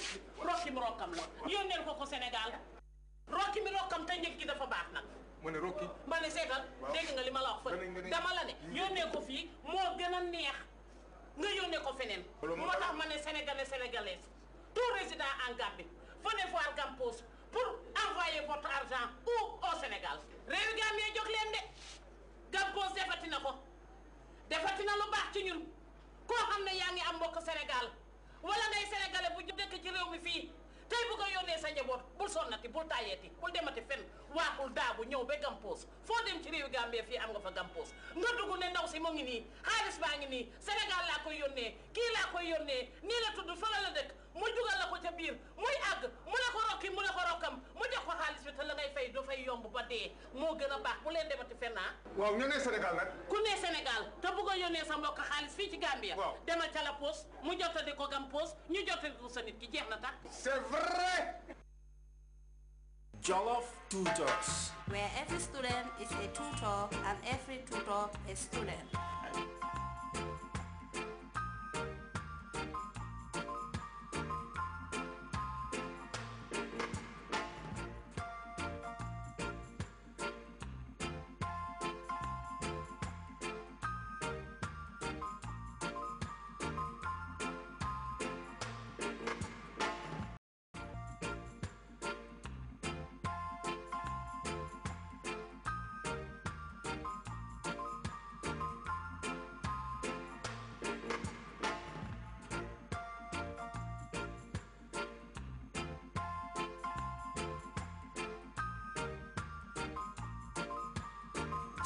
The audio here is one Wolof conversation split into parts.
xarit bi rokki mi rokkam la yónneel ko ko Sénégal rokki mi rokkam te njëg gi dafa baax nag. ma ne rokki ma ne seetal. dégg nga li ma la wax fële dama la ne yónnee ko fii moo gën a neex nga yónnee ko feneen. moo tax ma ne sénégalais sénégalaise tout résident en Gambie venez voir Gamposs pour envoyer votre argent ou au Sénégal. réew Gambie jóg leen de Gamposs defati na ko defati na lu baax ci ñun koo xam ne yaa ngi am mbokk Sénégal. wala ngay sénégalais bu dëkk ci réew mi fii tey bu ko yónnee sa njaboot bul sonnati bul taayeeti bul demati fen waaxul daagu ñëw ba gampoos foo dem ci réew Gambie fii am nga fa gampos nga ne ndaw si moo ngi nii xaalis baa ngi nii Sénégal laa koy yónnee kii laa koy yónnee nii la tudd fa la la dëkk mu jugal la ko ca biir muy àgg mu ne ko rokki mu ne ko rokkam mu jox ko xaalis bi te la ngay fay du fay yomb ba dee moo gën a baax bu leen demati fennaa ah. waaw ñu ne Sénégal nag ku ne Sénégal te bëgg a yónnee sa mbokk xaalis fii ci Gambia demal ca la poos mu jottali ko gam ñu jottali ko sa nit ki jeex na tax c'est vrai Jollof Tutors, where every student is a tutor and every tutor a student.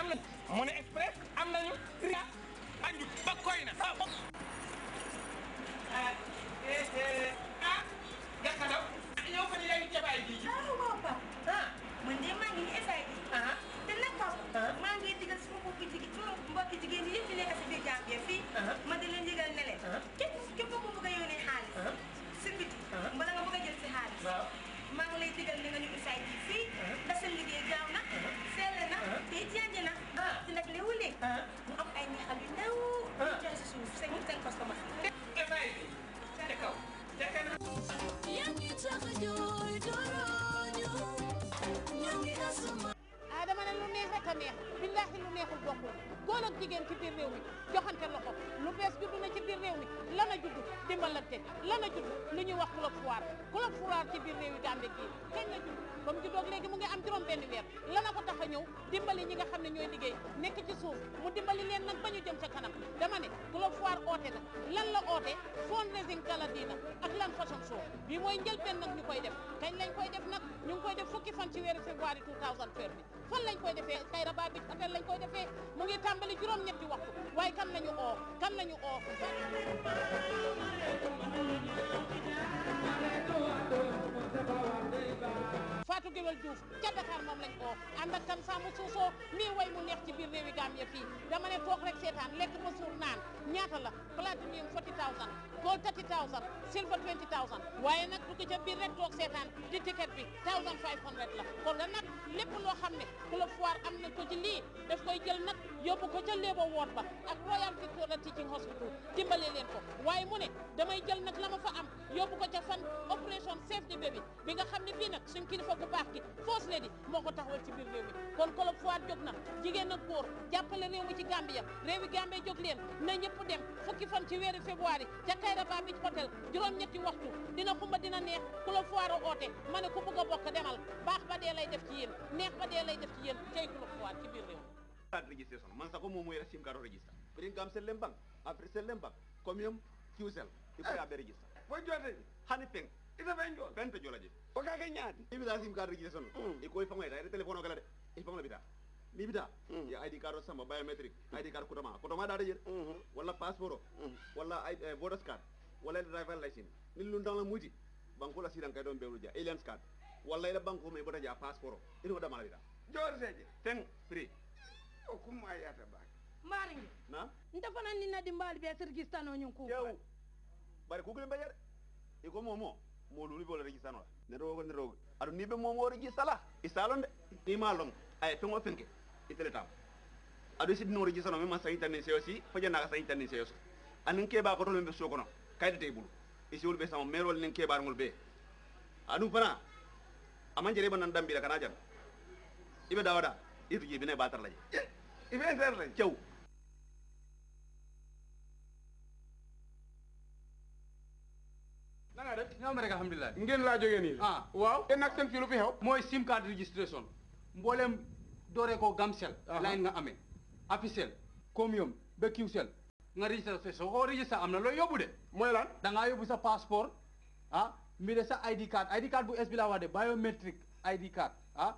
am na Money Express am nañu Ria anju ba koy na ah eh eh ah jàkkaarloo yéen ci biir réew mi joxante loxo lu bees judd na ci biir réew mi lan a judd dimbalante lan a judd lu ñuy wax club foire club foire ci biir réew yi Gambie gii kañ la judd ba mu juddoog léegi mu ngi am juróom benn weer lan a ko tax a ñëw dimbali ñi nga xam ne ñooy liggéey nekk ci suuf mu dimbali leen nag ba ñu jëm ca kanam dama ne club foire oote na lan la oote usine kalatiina ak lan façon soo mooy njëlbeen nag ñu koy def kañ lañ koy def nag ñu ngi koy def fukki fan bi fan lañ koy defee Kayraba bi hôtel lañ koy defee mu ngi tàmbali juróom-ñetti waxtu waaye kan lañu oo kan lañu oo Fatou Guewel Diouf ca Dakar moom lañ oo ànd ak tam Saamu Suusoo mii way mu neex ci biir réewi Gambie fii dama ne toog rek seetaan lekk ma suur naan ñaata la platine forty Go take it out, sir. silver 20000 waaye nag du ko ca biir rek toog seetaan di ticket bi 1500 la kon nag lépp loo xam ne club foire am na ko ci lii daf koy jël nag yóbbu ko ca léebo woot ba ak Royal Victoria Teaching Hospital dimbale ko waaye mu ne damay jël nag la ma fa am yóbbu ko ca fan opération Save the Baby bi nga xam ne bii nag suñ kilifa gu baax gi foos le moo ko taxawal ci biir réew mi kon club foire jóg na jigéen ak góor jàppale juróom-ñetti waxtu dina xumba dina neex ku la foire oote ma ne ku bugg a bokk demal baax ba dee lay def ci yéen neex ba dee lay def ci yéen tey ku la foire ci biir réew card registration man sago moom moyra sim card register prin kam sellem bank après sellem bank comium qsel ikoya be eh, registre boy jode hani peng ita fen jol fen to jolaje o ka ke nyaadi mi bita sim card registration ikoy fangoy dayre telephone o kala de i fangola bita mi bita ya id card o sama biometric id card kutama kutama dade jel walla passeport o walla voters card walla ila driver ni nin luntang la muti banko la siran kay don beru ja aliens card walla ila banko me bota ja passport ina wada mala dira jor seje teng pri o oh, kuma yata ba maringi na nta fana ni na dimbal be sirgistan o nyun ko yow bari ku gulen bayar e ko momo mo lulu bo la registano ne rogo ne rogo adu ni be momo registala isalon de ni malom ay pengo penke itele tam adu sidno registano me ma sayta ni seyosi faje na ka sayta ni seyoso anin ke ba ko to be so kayitata e ɓuuru e siwol ɓe sama mairol nen keɓargol ɓe aɗum fana aman jere ɓan nan dambiɗa kana jan iɓe dawaɗa itu jibina e batarlaje iɓe interlaje cew nana def ñoom rek alhamdulilah ngeen laa jógee nii ah waaw te nag seen fii lu fi xew mooy sim card registration mbooleem dooree ko gamsel layn nga amee officiel comme yom ba kiwsel nga registré soo ko registré am na looy yóbbu de. mooy lan da ngaa yóbbu sa passeport ah mbi de sa ID card ID card bu es bi laa wax de biométrique ID card ah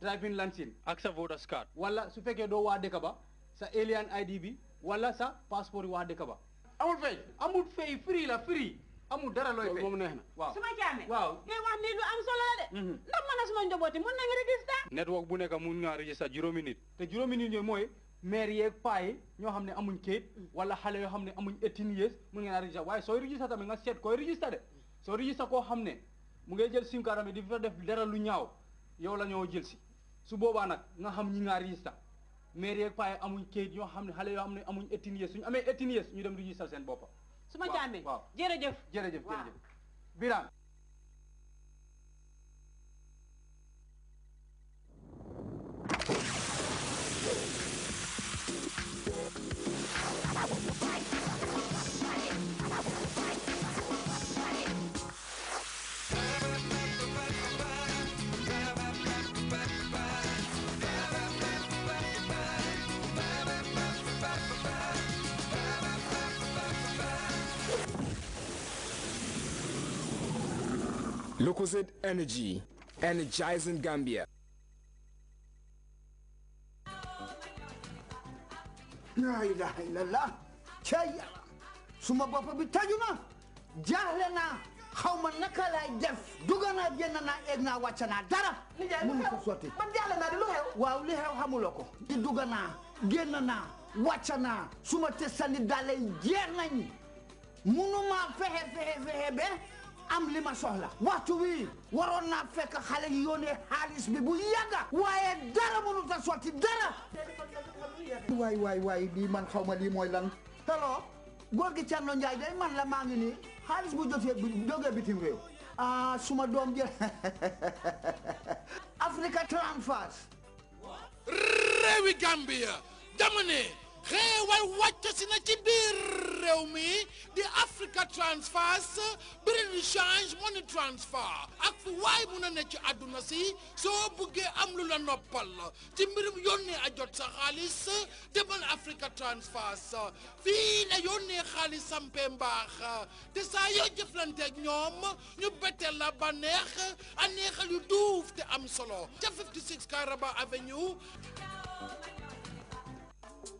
driving license. ak sa voters card. wala su fekkee doo waa dëkk ba sa alien ID bi wala sa passeport yi waa dëkk ba. amul fay amul fay free la free. amul dara looy fay moom neex na waaw su ma caamee waaw ngay wax ni lu am solo la de mhm. ndax man a suma njabooti mun nañ register network bu nekk mun ngaa register juróomi nit te mooy maire yeeg paa ñoo xam ne amuñ kayit wala xale yoo xam ne amuñ eighteen years mun ngeen a register waaye sooy register tamit nga seet koo register de soo register koo xam ne mu ngay jël sim card bi di fa def dara lu ñaaw yow la ñoo jël si su boobaa nag nga xam ñi nga register maire yeeg paa yi amuñ kayit ñoo xam ne xale yoo xam ne amuñ eighteen years suñu amee eighteen years ñu dem register seen boppam su ma jàmmee jërëjëf jërëjëf jërëjëf Birame Lucozade Energy, energizing Gambia. suma bopp bi taju na jaaxle naa xaw ma naka def dugga naa génn naa eeg naa naa dara mënu ko sotti man jaaxle naa lu xew waaw li xew xamuloo ko di dugga naa génn naa wàcc naa suma te sani dalay jeex nañ munu maa fexe fexe be am li ma soxla waxtu wi waroon naa fekk xale yi yónnee xaalis bi bu yàgga waaye dara mënut a sotti dara waay waay waay lii man xaw ma lii mooy lan hello góor gi Thierno man la maa ngi nii xaalis bu jotee bu jógee bitim réew ah suma doom jël Africa Transfers réewi Gambia dama By wàcc in a ci biir Africa Transfers bring change money transfer ak fu waay mun a ne ci àdduna si so buggee am lu la noppal ci mbirum yónnee a jot sa xaalis demal Africa Transfers fii la yónnee xaalis sampee mbaax te saa yoo jëflanteeg ñoom ñu la ba neex a neexal yu duuf te am solo 56 Karaba Avenue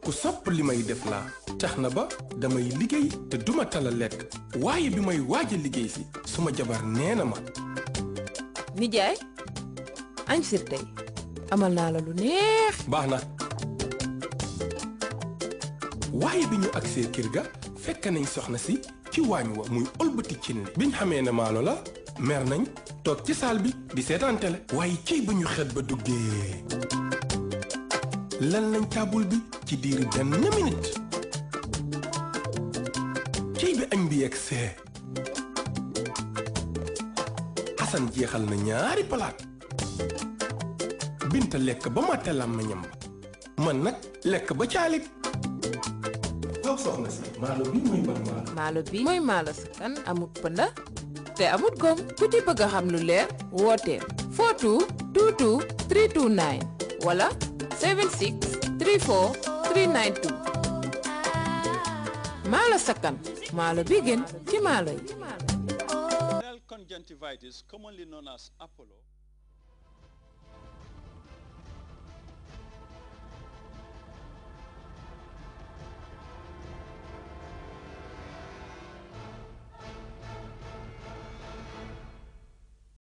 ku sopp li may def la cax na ba damay liggéey te duma tala lekk waaye bi may waaj liggéey si suma jabar nee na ma nijaay añ sir tey amal naa la lu neex baax na waaye bi ñu agsee kër ga fekk nañ soxna si ci waañ wa muy ëlbati cin li biñ xamee ne maalo la mer nañ toog ci saal bi di seetaan télé waaye ciy ba ñu xet ba duggee lan lañ taabul bi ci diiru benn minute cey bi añ bi yegg see Xasan jeexal na ñaari palaat Binta lekk ba màtte làmmiñam ba man nag lekk ba caalit maalo bi mooy maalo sa kan amut pënda te amut gom ku ci bëgg a xam lu leer wooteel 42 76 34 392 maalo sakkan maalo bi gën ci maalo yi. conjunctivitis commonly known as Apollo